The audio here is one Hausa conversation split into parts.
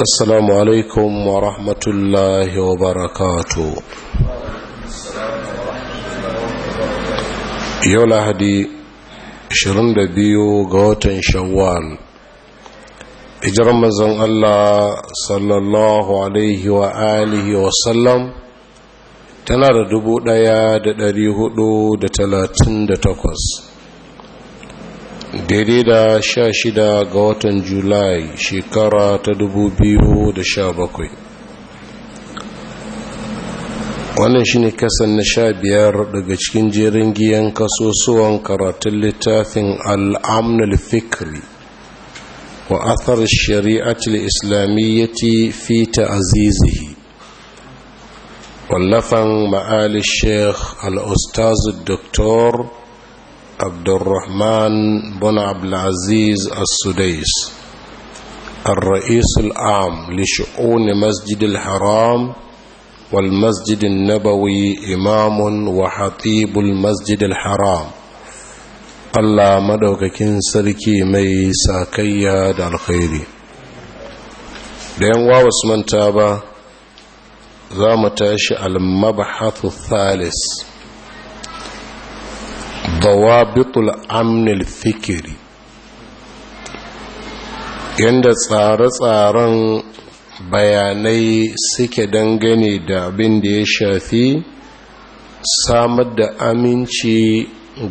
السلام عليكم ورحمة الله وبركاته يولا هدي شرن دبيو غوتن شوال اجرم زن الله صلى الله عليه وآله وسلم تنار دبو dubu ɗaya da دتلاتن hudu da talatin daidai da sha shida ga watan julai shekara ta dubu biyu da sha bakwai wannan shi ne kasan na sha biyar daga cikin jerin giyan kasosuwan karatun littafin al'amnul fikri wa athar shari'atul islamiyyati fi ta'azizihi wallafan ma'ali sheikh al-ustaz doktor عبد الرحمن بن عبد العزيز السديس الرئيس العام لشؤون مسجد الحرام والمسجد النبوي إمام وحطيب المسجد الحرام الله مدوككين سركي مي ساكيا دا الخير لأن واوس من تابا ذا متاش المبحث الثالث dawabitul amnil fikiri yadda tsare-tsaren bayanai suke dangane da abin da ya shafi samar da aminci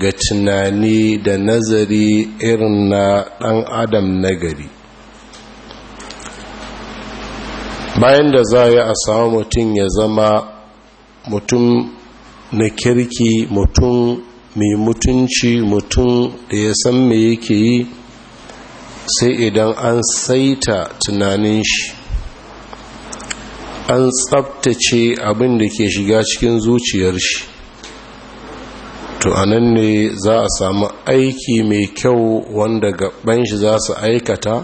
ga tunani da nazari irin na ɗan adam nagari bayan da za a samu mutum ya zama mutum na kirki mutum mai mutunci mutum da ya san me yake yi sai idan an saita tunanin shi an tsabtace abin da ke shiga cikin zuciyar shi to anan ne za a samu aiki mai kyau wanda gaban shi za su aikata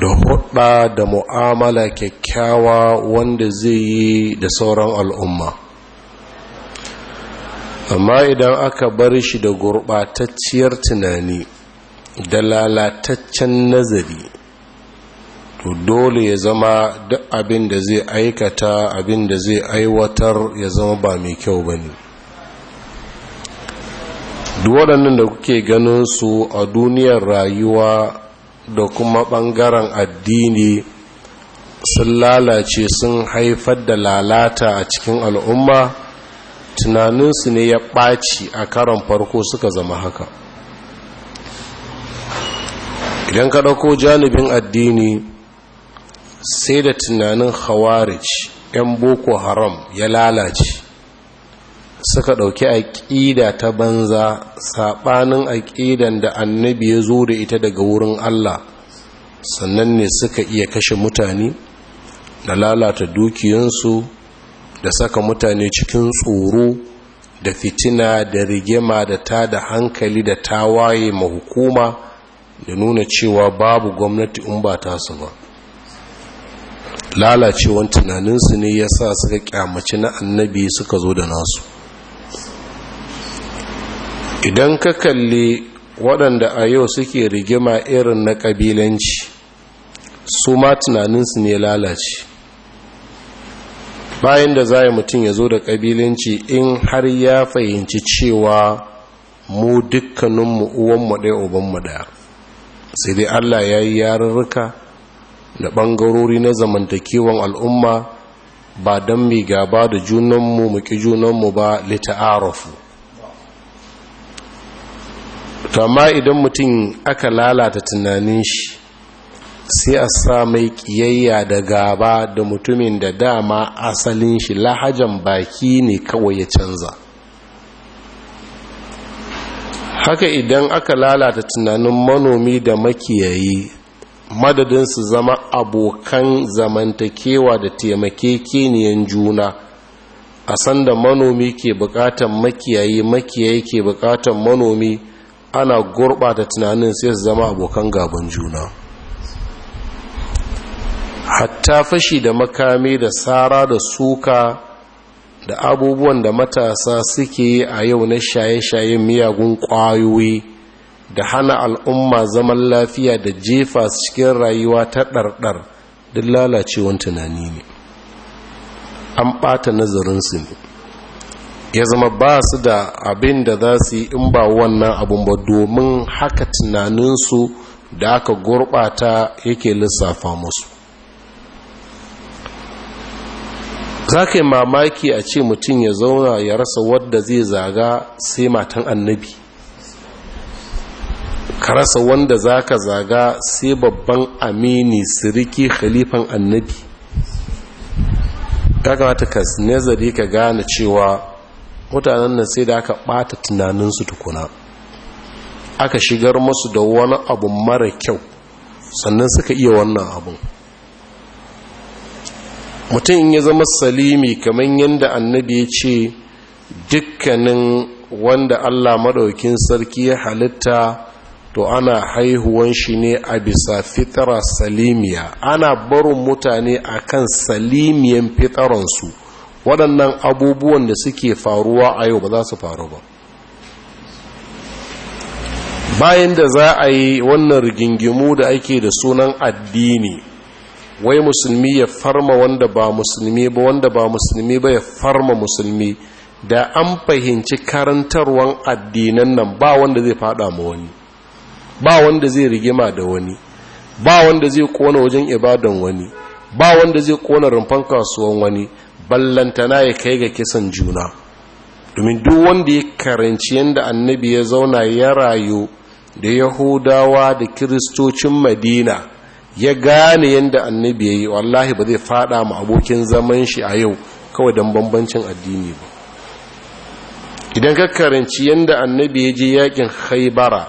da hudda da mu'amala kyakkyawa wanda zai yi da sauran al'umma amma idan aka bar shi da gurɓatacciyar tunani da lalataccen nazari to dole ya zama duk abin da zai aikata abin da zai aiwatar ya zama ba mai kyau ba ne waɗannan da kuke ganin su a duniyar rayuwa da kuma ɓangaren addini sun lalace sun haifar da lalata a cikin al'umma tunaninsu ne ya ɓaci a karon farko suka zama haka idan ka ɗauko janibin addini sai da tunanin khawarij 'yan boko haram ya lalace suka ɗauki aƙida ta banza saɓanin aƙidan da annabi ya zo da ita daga wurin allah sannan ne suka iya kashe mutane da lalata dukiyansu da saka mutane cikin tsoro da fitina da rigima da ta da hankali da tawaye ma hukuma da nuna cewa babu gwamnati in ba ta su ba lalacewan tunaninsu ne ya sa suka kyamaci na annabi suka zo da nasu idan ka kalli waɗanda a yau suke rigima irin na ƙabilanci su ma tunaninsu ne lalace bayan da za mutum ya zo da ƙabilanci in har ya fahimci cewa mu dukkaninmu uwanmu ɗaya ubanmu ɗaya sai dai allah ya yi yarurruka da ɓangarori na zamantakewan al'umma ba don mai gaba da junanmu muki junanmu ba lita'arafu ta amma idan mutum aka lalata tunanin shi sai a sa mai kiyayya da gaba da mutumin da dama asalin shi lahajan baki ne kawai ya canza haka idan aka lalata tunanin manomi da makiyayi madadin su zama abokan zamantakewa da taimakekeniyan juna a sanda manomi ke bukatan makiyayi makiyayi ke bukatan manomi ana gurɓata tunanin sai su zama abokan gaban juna hatta fashi da makami da tsara da suka da abubuwan da matasa suke yi a yau na shaye shaye miyagun ƙwayoyi da hana al'umma zaman lafiya da jefa cikin rayuwa ta ɗarɗar duk lalacewan tunani ne an ɓata nazarinsu ne ya zama ba su da abin da za su yi in ba wannan abin ba domin haka tunaninsu da aka gurɓata yake lissafa musu za ka yi mamaki a ce mutum ya zauna ya rasa wadda zai zaga sai matan annabi ka rasa wanda za ka zaga sai babban amini siriki khalifan annabi ya kamata ka nazari ka gane cewa mutanen nan sai da aka ɓata tunaninsu tukuna aka shigar masu da wani abu mara kyau sannan suka iya wannan abun mutum in ya zama salimi kamar yadda annabi ya ce dukkanin wanda allah maɗaukin sarki ya halitta to ana haihuwan shi ne a bisa fitara salimiya ana barin mutane a kan salimiyan fitaransu waɗannan abubuwan da suke faruwa a yau ba za su faru ba bayan da za a yi wannan rigingimu da ake da sunan addini wai musulmi ya farma wanda ba musulmi ba wanda ba musulmi ba ya farma musulmi da an fahimci karantarwan addinan nan ba wanda zai fada ma wani ba wanda zai rigima da wani ba wanda zai kona wajen ibadan wani ba wanda zai kona rumfan kasuwan wani ballantana ya kai ga kisan juna domin duk wanda ya karanci yadda annabi ya zauna ya rayu da yahudawa da kiristocin madina ya gane yadda annabi ya yi wallahi ba zai fada ma abokin zaman shi a yau kawai don bambancin addini ba idan ka karanci yadda annabi ya je yakin haibara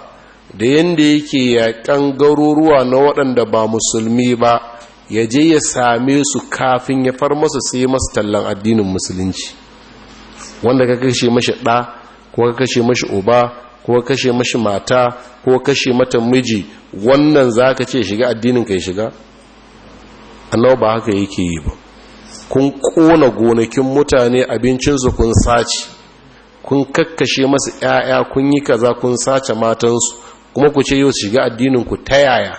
da yadda yake yakan garuruwa na waɗanda ba musulmi ba ya je ya same su kafin ya far masa sai masu tallan addinin musulunci wanda ka kashe mashi ɗa ko ka kashe mashi uba ko kashe mashi mata ko kashe mata miji wannan za ka ce shiga addinin ka shiga annawa ba haka yake yi ba kun kona gonakin mutane abincinsu kun sace kun kakkashe masu 'ya'ya kun yi kaza kun sace matansu kuma ku ce yau shiga addinin ku ta yaya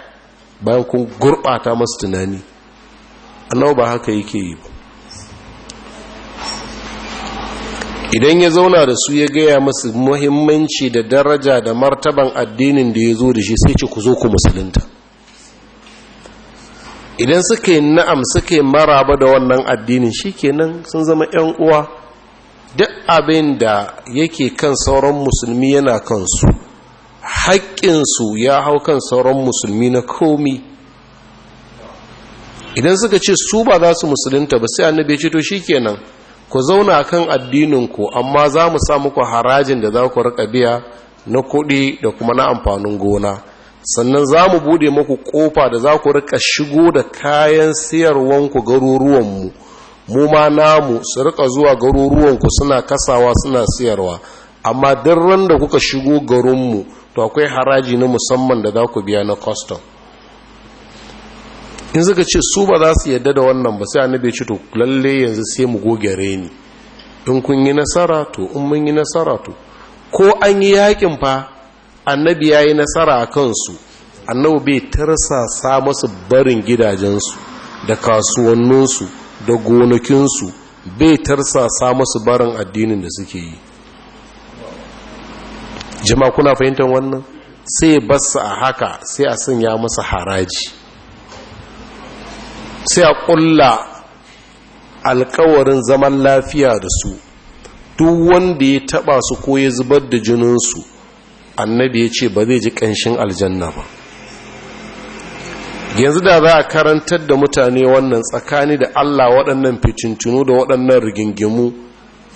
bayan kun gurɓata masu tunani annawa ba haka yake yi ba idan ya zauna da su ya gaya masu muhimmanci da daraja da martaban addinin da ya zo da shi sai ce ku zo ku musulunta idan suka na'am suka maraba da wannan addinin shi kenan sun zama 'yan uwa duk abin da yake kan sauran musulmi yana kansu haƙƙinsu ya hau kan sauran musulmi na komi idan suka ce su ba za su musulunta ba sai annabi ce to shi kenan ku zauna kan addininku amma za mu sa muku harajin da za ku rika biya na kuɗi da kuma na amfanin gona sannan za mu bude muku ƙofa da za ku rika shigo da kayan siyarwanku garuruwanmu mu ma namu su rika zuwa garuruwanku suna kasawa suna siyarwa amma duk randa kuka shigo garinmu to akwai haraji na musamman da za ku biya na kwastam in suka ce su ba za su yadda da wannan ba sai annabi ce to lalle yanzu sai mu goge reni in kun yi nasara to in mun yi nasara to ko an yi yakin fa annabi ya yi nasara a kansu annabi bai tarsasa masu barin gidajensu da kasuwanninsu da gonakinsu bai tarsasa masu barin addinin da suke yi jama'a kuna fahimtar wannan sai basu a haka sai a sanya masa haraji sai a ƙulla alkawarin zaman lafiya da su duk wanda ya taba su ko ya zubar da jininsu annabi ya ce ba zai ji ƙanshin aljanna ba yanzu da za a karantar da mutane wannan tsakani da allah waɗannan fitintunu da waɗannan rigingimu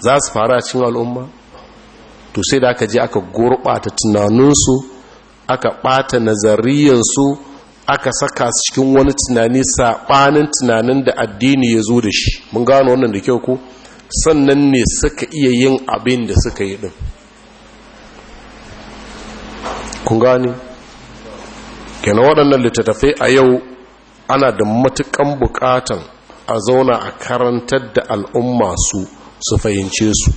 za su fara cin al'umma to sai da aka je aka gurɓata tunaninsu aka ɓata nazariyansu aka saka su cikin wani tunani saɓanin tunanin da addini ya zo da shi mun gano wannan da kyau ko sannan ne suka iya yin abin da suka yi ɗin kun gani kenan waɗannan littattafai a yau ana da matuƙan buƙatan a zauna a karantar da al'umma su su fahimce su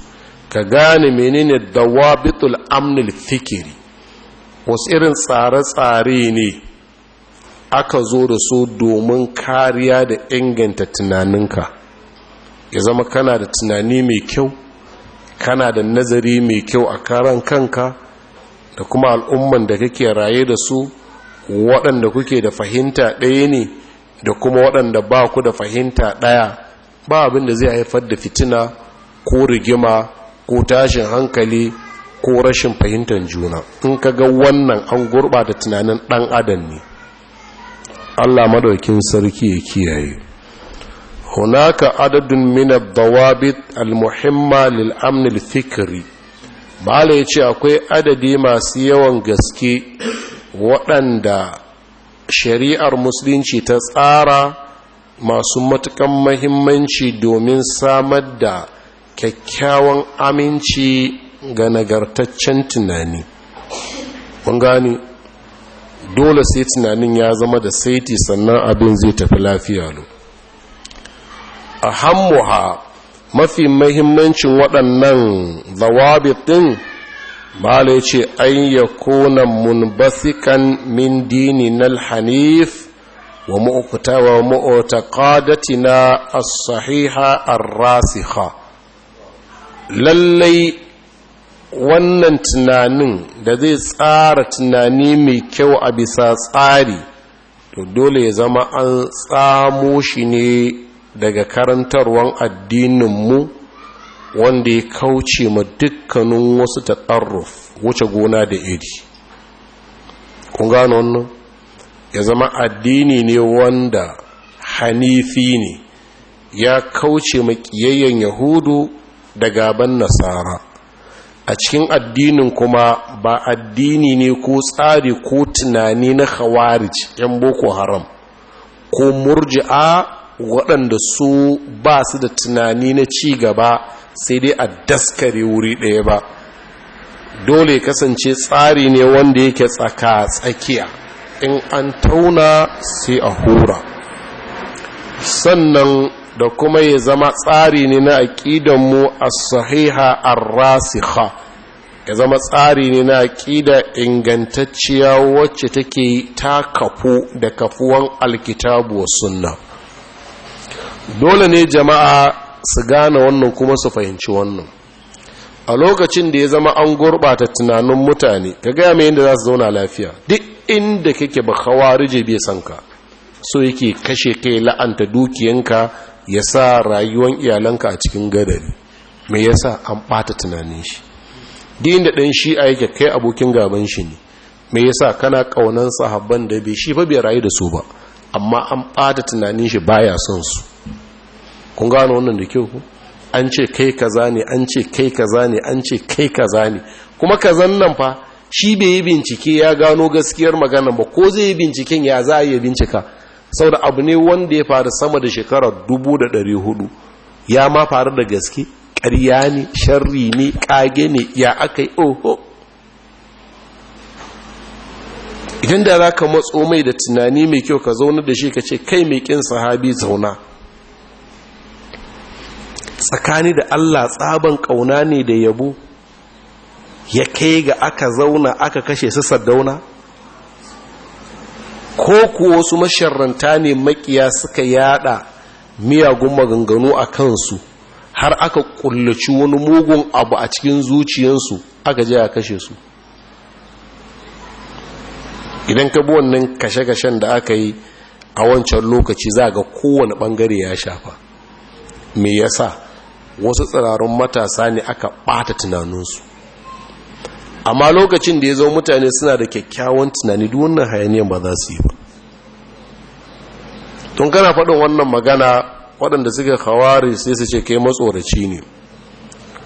ka gane menene dawabitul amnil fikiri wasu irin tsare-tsare ne aka zo da su domin kariya da inganta tunaninka ya zama kana da tunani mai kyau kana da nazari mai kyau a karan kanka da kuma al'umman da kake raye da su waɗanda kuke da fahimta ɗaya ne da kuma waɗanda ba ku da fahimta ɗaya ba abinda zai haifar da fitina ko rigima ko tashin hankali ko rashin fahimtar juna in ka ga wannan an gurɓata tunanin ɗan adam ne Allah madaukin sarki ya kiyaye hunaka adadun min ad-dawabit al-muhimma lil amn al-fikri malai yace akwai adadi masu yawan gaske waɗanda shari'ar musulunci ta tsara masu matukan muhimmanci domin samar da kyakkyawan aminci ga nagartaccen tunani kun gani dole sai tunanin ya zama da saiti sannan abin zai tafi lafiya lo a hammuha mafi mahimmancin waɗannan zawabit ɗin bala ce an ya kona munbasikan min dini na hanif wa mu'ukutawa mu'utaqadatina na sahiha ar lallai wannan tunanin da zai tsara tunani mai kyau a bisa tsari to dole ya zama an tsamo shi ne daga karantarwan addininmu wanda ya kauce ma dukkanin wasu taɗarruf wuce gona da iri kun gano wannan ya zama addini ne wanda hanifi ne ya kauce ma ƙiyayyen yahudu da gaban nasara a cikin addinin kuma ba addini ne ko tsari ko tunani na khawarij yan boko haram ko murji'a waɗanda su ba su da tunani na ci gaba sai dai a daskare wuri ɗaya ba dole kasance tsari ne wanda yake tsaka tsakiya in an tauna sai a hura sannan da kuma ya zama tsari ne na aƙidanmu a sahiha ar-rasikha ya zama tsari ne na aƙida ingantacciya wacce take ta kafu da kafuwan alkitabu wa sunna dole ne jama'a su gane wannan kuma su fahimci wannan a lokacin da ya zama an gurɓata tunanin mutane ka gaya mai yadda za su zauna lafiya duk inda kake ba rije bai san ka so yake kashe kai la'anta dukiyanka ya sa rayuwan iyalanka a cikin gadari mai yasa an ɓata tunanin shi di da ɗan shi a yake kai abokin gaban shi ne mai yasa kana ƙaunan sahabban da bai shi ba rayu da su ba amma an ɓata tunanin shi baya son su kun gano wannan da kyau ku an ce kai kaza ne an ce kai kaza ne an ce kai kaza ne kuma kazan nan fa shi bai yi bincike ya gano gaskiyar magana ba ko zai yi binciken ya za a yi bincika sau da abu ne wanda ya faru sama da shekara dubu hudu ya ma faru da gaske ƙarya ne sharri ne ƙage ne ya aka yi oho idan da za ka matso mai da tunani mai kyau ka zauna da shi ka ce kai mai ƙin sahabi zauna tsakani da allah tsaban ƙauna ne da yabo ya kai ga aka zauna aka kashe su sardauna ko kuwa wasu masharanta ne makiya suka yada miyagun maganganu a kansu har aka kullaci wani mugun abu a cikin zuciyarsu aka je a kashe su idan ka bi wannan kashe-kashen da aka yi a wancan lokaci za ga kowane bangare ya shafa me yasa wasu tsirarun matasa ne aka bata tunaninsu amma lokacin da ya zo mutane suna da kyakkyawan tunani duk wannan hayaniyan ba za su yi ba tun kana faɗin wannan magana waɗanda suka kawari sai su ce kai matsoraci ne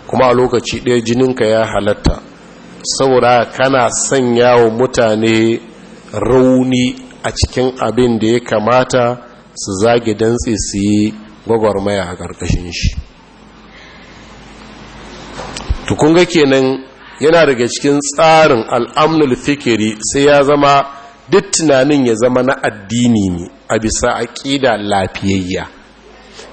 kuma a lokaci ɗaya jininka ya halatta saboda kana sanya wa mutane rauni a cikin abin da ya kamata su zage dantse su yi gwagwarmaya a ƙarƙashin shi tukunga kenan yana daga cikin tsarin al'amnul fikiri sai ya zama duk tunanin ya zama na addini ne a bisa aƙida lafiyayya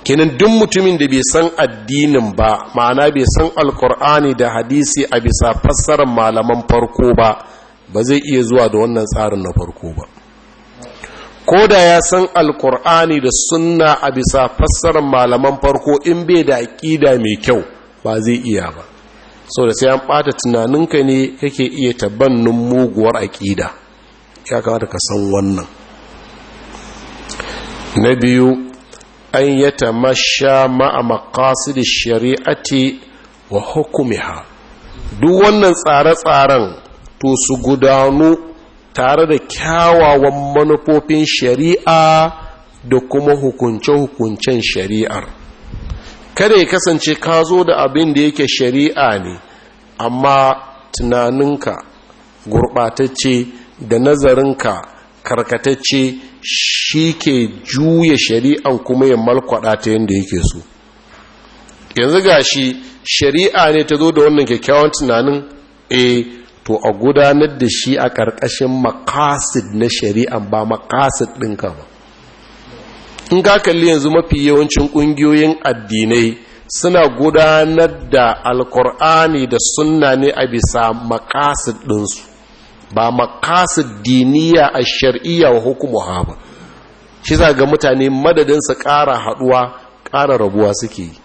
kenan duk mutumin da bai san addinin ba ma'ana bai san alkur'ani da hadisi a bisa fassarar malaman farko ba ba zai iya zuwa da wannan tsarin na farko ba ko da ya san alkur'ani da sunna a bisa fassarar malaman farko in bai da aƙida mai kyau ba zai iya ba Sau da sai an ɓata tunaninka ne kake iya tabannin muguwar aƙida ya kamata ka san wannan na biyu an yi tamasha ma'a makasidin shari'ati wa hukumiha duk wannan tsare-tsaren to su gudanu tare da kyawawan manufofin shari'a da kuma hukunce-hukuncen shari'ar kada ya kasance ka zo da abin da yake shari'a ne amma tunaninka gurɓatacce da nazarinka karkatacce shi ke juya shari'an kuma ya malkwada ta yadda yake so yanzu ga shi shari'a ne ta zo da wannan kyakkyawan tunanin a eh, to a gudanar da shi a ƙarƙashin makasid na shari'a ba makasid ɗinka ba in ka kalli yanzu mafi yawancin ƙungiyoyin addinai suna gudanar da alkur'ani da sunna ne a bisa makasid ɗinsu ba makasid diniya a shari'a wa hukumu ha ba shi za ga mutane madadin ƙara haɗuwa ƙara rabuwa suke yi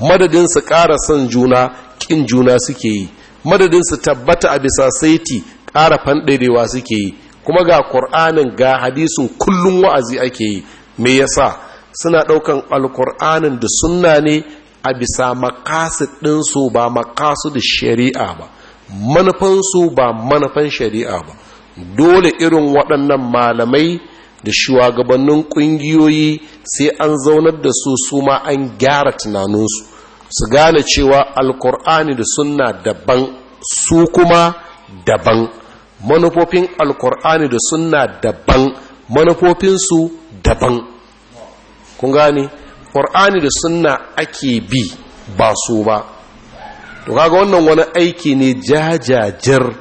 madadin ƙara son juna ƙin juna suke yi madadin tabbata a bisa saiti ƙara fanɗarewa suke yi kuma ga ƙur'anin ga hadisun kullum wa'azi ake yi me yasa suna ɗaukan alkur'anin da sunna ne a bisa makasid ɗinsu ba makasid shari'a ba manufansu ba manufan shari'a ba dole irin waɗannan malamai da shugabannin ƙungiyoyi sai an zaunar da su su ma an gyara tunaninsu su gane cewa alkur'ani da sunna daban su kuma daban manufofin alkur'ani da sunna daban manufofinsu daban kun gane ƙur'ani da sunna ake bi ba su ba to kaga wannan wani aiki ne jajajar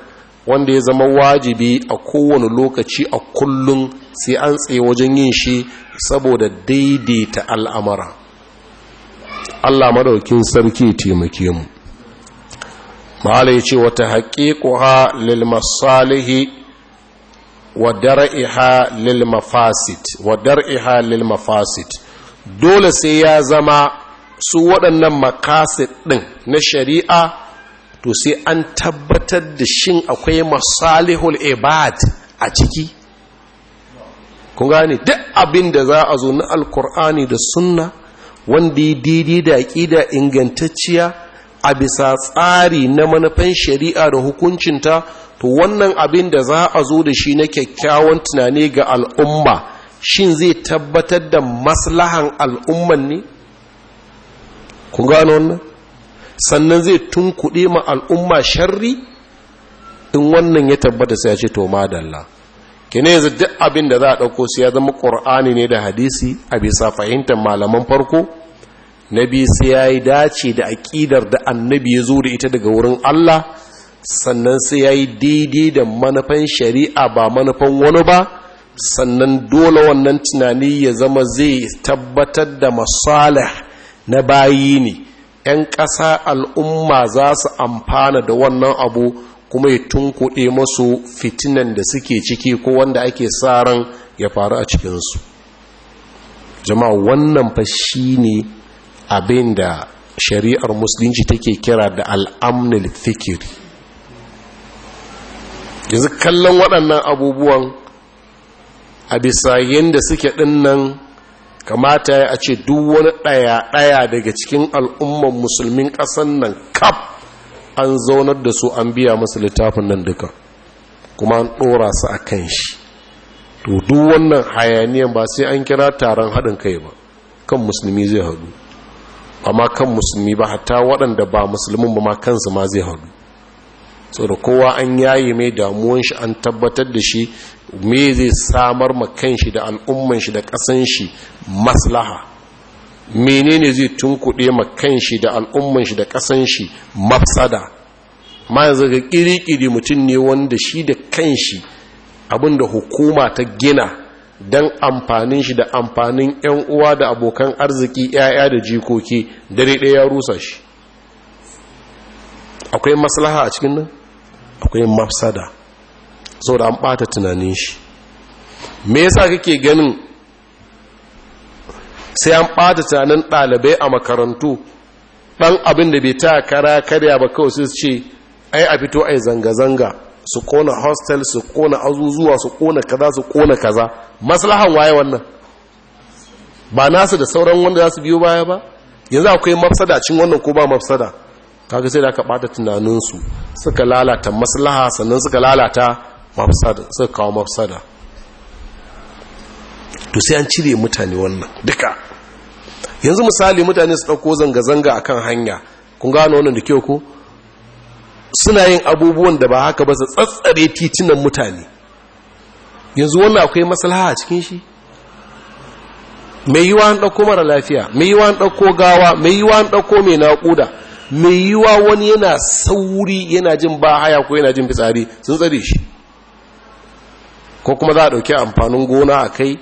wanda ya zama wajibi a kowane lokaci a kullum sai an tsaye wajen yin shi saboda daidaita al'amara Allah madaukin sarki taimake mu ma'ala ya ce wata haƙiƙuwa lilmasalihi wa dar'iha lil mafasid dole sai ya zama su waɗannan makasit ɗin na shari'a to sai an tabbatar da shin akwai masalihul ibad a ciki ku gane duk abin da za a zo na alkur'ani da sunna wanda ya daidai da aƙida ingantacciya a bisa tsari na manufan shari'a da hukuncinta to wannan abin da za a zo da shi na kyakkyawan tunani ga al'umma shin zai tabbatar da maslahan al'umman ne? ku gano wannan sannan zai tunkuɗe ma al'umma sharri in wannan ya tabbata sai ya ce to madalla kene yanzu duk abin da za a ɗauko su ya zama ƙur'ani ne da hadisi a bisa fahimtar malaman farko na biyu sai ya yi dace da aƙidar da annabi ya zo da ita daga wurin Allah sannan sai ya yi daidai da manufan shari'a ba manufan wani ba sannan dole wannan tunani ya zama zai tabbatar da masalah na bayi ne 'yan ƙasa al'umma za su amfana da wannan abu kuma ya tunkuɗe masu fitinan da suke ciki ko wanda ake sa ran ya faru a cikinsu jama'a wannan fashi ne abin da shari'ar musulunci take kira da al'amnil fikiri yanzu kallon waɗannan abubuwan a bisa yadda suke ɗinnan kamata ya ce duk wani ɗaya-ɗaya daga cikin al'umman musulmin ƙasan nan kaf an zaunar da su an biya masu littafin nan duka kuma an ɗora su a kan shi to duk wannan hayaniyan ba sai an kira taron haɗin kai ba kan musulmi zai haɗu ba ma kan musulmi ba hatta waɗanda ba musulmin ba ma kansu ma zai haɗu sau da kowa an yayi mai damuwan shi an tabbatar da shi me zai samar ma kan shi da al'umman shi da ƙasan shi maslaha menene zai tunkuɗe ma kan shi da al'umman shi da ƙasan shi mafsada ma yanzu ga mutum ne wanda shi da kanshi shi abinda hukuma ta gina Dan amfanin shi da amfanin 'yan uwa da abokan arziki 'ya'ya da jikoki dare ɗaya ya rusa shi akwai maslaha a cikin nan akwai mafsada saboda an ɓata tunanin shi me yasa kake ganin sai an ɓata tunanin ɗalibai a makarantu ɗan abin da bai ta kara karya ba kawai sai ce ai a fito ai zanga-zanga su kona hostel su kona azuzuwa su kona kaza su kona kaza maslahan waye wannan ba nasu da sauran wanda za su biyo baya ba yanzu akwai mafsada cin wannan ko ba mafsada kaga sai da bada bata tunaninsu suka lalata maslaha sannan suka lalata mafsada suka kawo mafsada to sai an cire mutane wannan duka yanzu misali mutane su dauko zanga-zanga akan hanya kun gano wannan da kyau ko suna yin abubuwan da ba haka ba su tsatsare titunan mutane yanzu wannan akwai maslaha a cikin shi mai yiwa an ɗauko mara lafiya mai yiwa an ɗauko gawa mai yiwa an ɗauko mai naƙuda mai yiwa wani yana sauri yana jin ba haya ko yana jin fitsari sun tsare shi ko kuma za a ɗauki amfanin gona a kai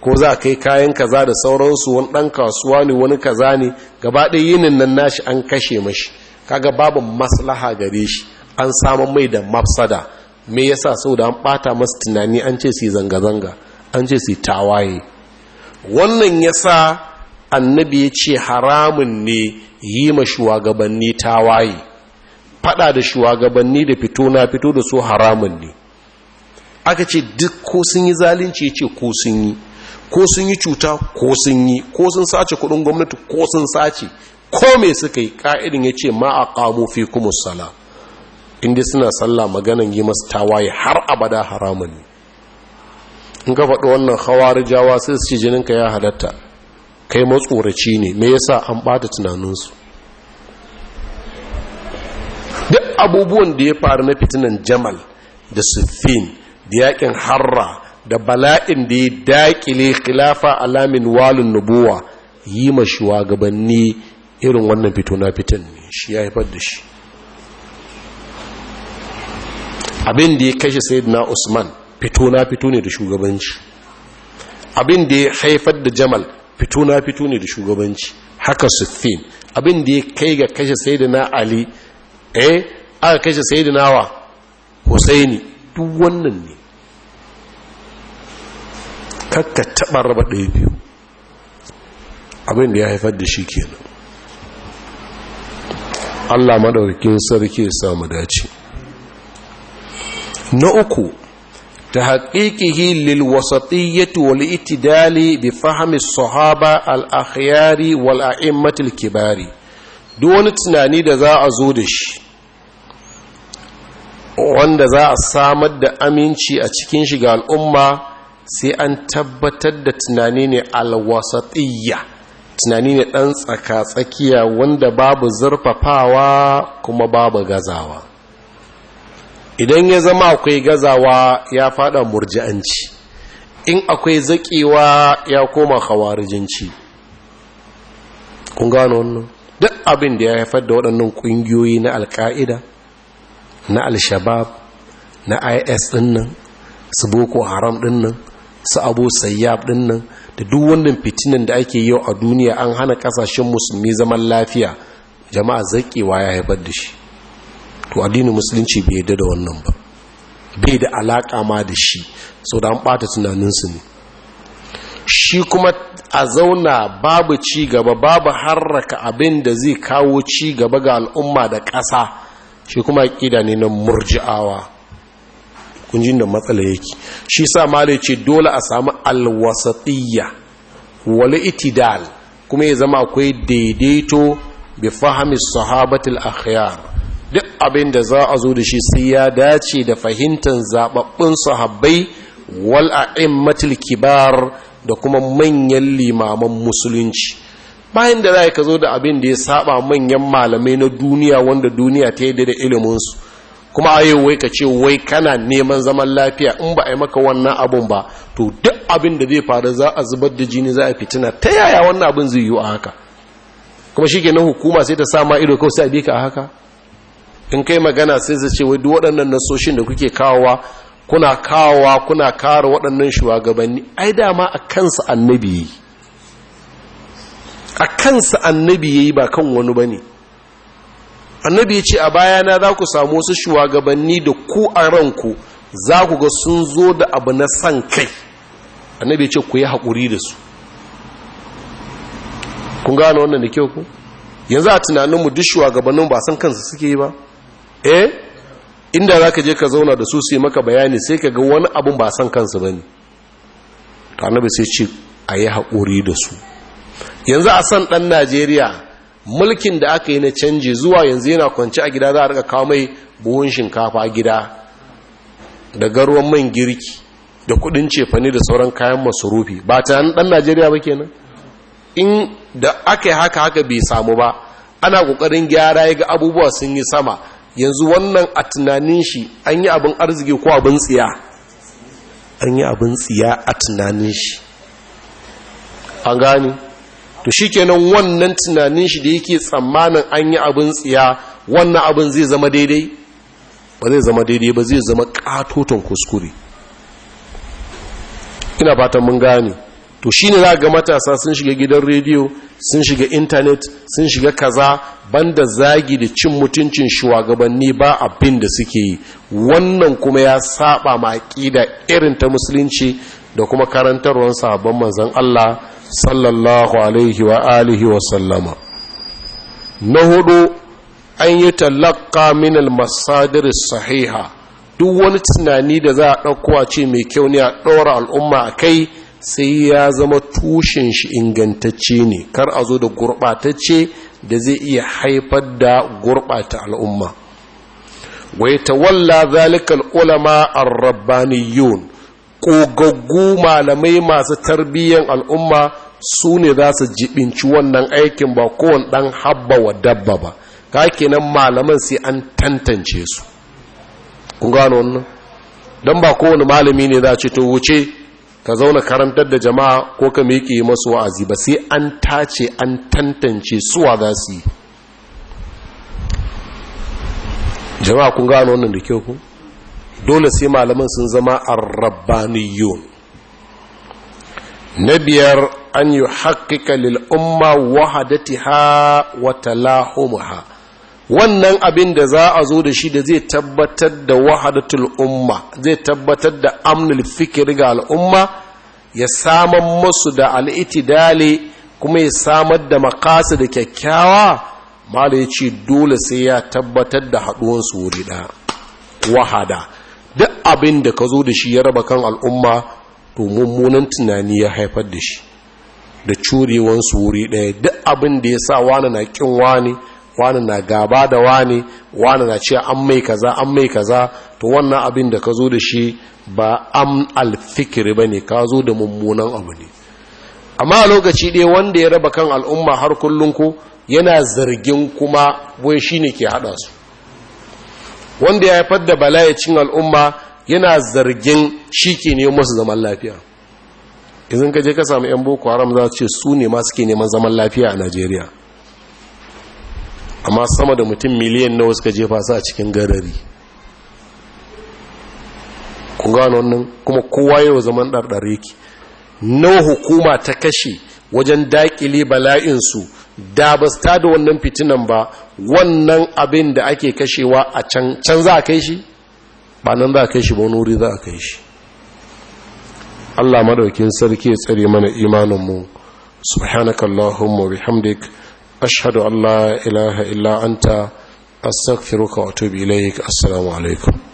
ko za a kai kayan kaza da sauransu wani ɗan kasuwa ne wani kaza ne gaba ɗaya yinin nan nashi an kashe mashi kaga babu maslaha gare shi an samun mai da mafsada me yasa saboda an bata masu tunani an ce su zanga-zanga an ce su tawaye wannan yasa annabi ya ce haramun ne yi ma shugabanni tawaye fada da shugabanni da fito na fito da su haramun ne aka ce duk ko sun yi zalunci ce ko sun yi ko sun yi cuta ko sun yi ko sun sace kudin gwamnati ko sun sace ko me suka yi ka'idin ya ce ma a kamo fi kuma sala inda suna sallah maganan yi masu tawaye har abada haramun ne in ka faɗi wannan hawari jawa sai su ce jininka ya halatta kai matsoraci ne me yasa an ɓata tunaninsu duk abubuwan da ya faru na fitinan jamal da siffin da yakin harra da bala'in da ya daƙile khilafa alamin walin nubuwa yi ma shuwagabanni. irin wannan fito na fitan ne shi ya haifar da shi abin da ya kashe sayyidina usman fito na fito ne da shugabanci abin da ya haifar da jamal fito na fito ne da shugabanci haka suffin abin da ya kai ga kashe sayyidina ali eh aka kashe sayyidina wa husaini duk wannan ne kakka taɓa raba ɗaya biyu abin da ya haifar da shi kenan Allah maɗaukin sarki ya samu dace na uku ta haƙiƙihi lilwasatiyyati wal itidali bi fahmi sahaba al-akhyari wal a'immatil kibari duk wani tunani da za a zo da shi wanda za a samar da aminci a cikin shiga al'umma sai an tabbatar da tunani ne alwasatiyya tunani ne ɗan tsaka-tsakiya wanda babu zurfafawa kuma babu gazawa idan ya zama akwai gazawa ya fada murji'anci in akwai zaƙewa ya koma hawarijinci kun gano wannan duk abin da ya haifar da waɗannan ƙungiyoyi na alka'ida na al-shabab na is ɗinnan su boko haram ɗinnan su abu sayyab ɗinnan da duk wannan fitinan da ake yau a duniya an hana kasashen musulmi zaman lafiya jama'a zaƙewa ya haifar da shi to addinin musulunci bai yadda da wannan ba bai da alaƙa ma da shi sau da an ɓata tunaninsu ne shi kuma a zauna babu ci gaba babu harraka abin da zai kawo ci gaba ga al'umma da ƙasa shi kuma ƙida ne na murji'awa kun ji da matsala yake shi sa da ce dole a samu alwasatiyya wal itidal kuma ya zama akwai daidaito bi fahimi sahabatul akhyar duk abin da za a zo da shi sai ya dace da fahimtar zababbun sahabbai wal a'immatul kibar da kuma manyan limaman musulunci bayan da za ka zo da abin da ya saba manyan malamai na duniya wanda duniya ta yi da iliminsu kuma ayo wai ka ce wai kana neman zaman lafiya in ba a yi maka wannan abun ba to duk abin da zai faru za a zubar da jini za a fitina ta yaya wannan abin zai yi a haka kuma shi kenan hukuma sai ta sama ido kawai sai a bi ka a haka in kai magana sai zai ce wai duk waɗannan nasoshin da kuke kawowa kuna kawowa kuna kare waɗannan shugabanni ai dama a kansa annabi yi a kansa annabi yi ba kan wani ba ne. annabi ya ce a bayana za ku samu wasu shugabanni da ku a ranku za ku ga sun zo da abu na san kai annabi ya ce ku yi haƙuri da su kun gane wannan da kyau ku yanzu a tunaninmu duk shugabannin ba san kansu suke yi ba eh inda za ka je ka zauna da su sai maka bayani sai ka ga wani abin ba san kansu ba ne annabi sai ce a yi haƙuri da su yanzu a san ɗan najeriya mulkin da aka yi na canji zuwa yanzu yana kwanci a gida za a rika kawo mai buhun shinkafa gida da garuwan man girki da kudin cefane da sauran kayan masurufi ba ta dan najeriya ba kenan in da aka yi haka haka bai samu ba ana kokarin gyara ya ga abubuwa sun yi sama yanzu wannan a tunanin shi an yi abin arziki ko abin tsiya an yi abin tsiya a tunanin shi an gani to shi kenan wannan tunanin shi da yake tsammanin an yi abin tsiya wannan abin zai zama daidai ba zai zama daidai ba zai zama katoton kuskure ina fatan mun gane to shi ne za ga matasa sun shiga gidan rediyo sun shiga intanet sun shiga kaza banda zagi da cin mutuncin shugabanni ba abin da suke yi wannan kuma ya saba ma da irin ta musulunci da kuma karantarwar sabon manzon Allah sallallahu alaihi wa alihi wa sallama na hudu an yi talaka min almasadir sahiha duk wani tunani da za a ɗaukowa ce mai kyau ne a ɗora al'umma a kai sai ya zama tushen shi ingantacce ne kar a zo da gurɓatacce da zai iya haifar da gurɓata al'umma wai tawalla zalikal ulama ar-rabbaniyun kogaggu malamai masu tarbiyyar al'umma su ne za su jibinci wannan aikin ba kowane ɗan habba wa dabba ba ka kenan malaman sai an tantance su kun gano wannan don ba kowane malami ne za a ce to wuce ka zauna karantar da jama'a ko ka miƙe masu wa'azi ba sai an tace an tantance suwa za su yi jama'a kun gano wannan da kyau ku dole sai malaman sun zama arrabbaniyon na biyar an yi haƙiƙa lil'umma wahadatiha wa ha. wannan abin da za a zo da shi da zai tabbatar da wahadatul umma zai tabbatar da amnul fikir ga al'umma ya saman musu da al'itidali kuma ya samar da makasa da kyakkyawa da ya ce dole sai ya tabbatar da haɗuwansu wuri ɗaya wahada duk abin da ka zo da shi ya raba kan al'umma to mummunan tunani ya haifar da shi da curewansu wuri ɗaya duk abin da ya sa wani na ƙin wani wani na gaba da wani wani na ce an mai kaza an mai kaza to wannan abin da ka zo da shi ba am alfikiri ba ne ka zo da mummunan abu ne amma a lokaci ɗaya wanda ya raba kan al'umma har kullum ko yana zargin kuma wai shi ne ke haɗa su wanda ya haifar da bala'icin al'umma yana zargin shi ke neman masu zaman lafiya izin ka je ka samu 'yan boko haram za ce su ne masu ke neman zaman lafiya a najeriya amma sama da mutum miliyan nawa suka jefa su a cikin garari kun gano wannan kuma kowa yau zaman ɗarɗare ki nawa hukuma ta kashe wajen daƙile bala'insu da ba su da wannan fitinan ba wannan abin da ake kashewa a can za a kai shi ba nan za a kai shi ba wuri za a kai shi Allah madaukin sarki ya tsare mana imaninmu subhanakallahumma bihamdik ashhadu an la ilaha illa anta astaghfiruka wa atubu ilaik assalamu alaikum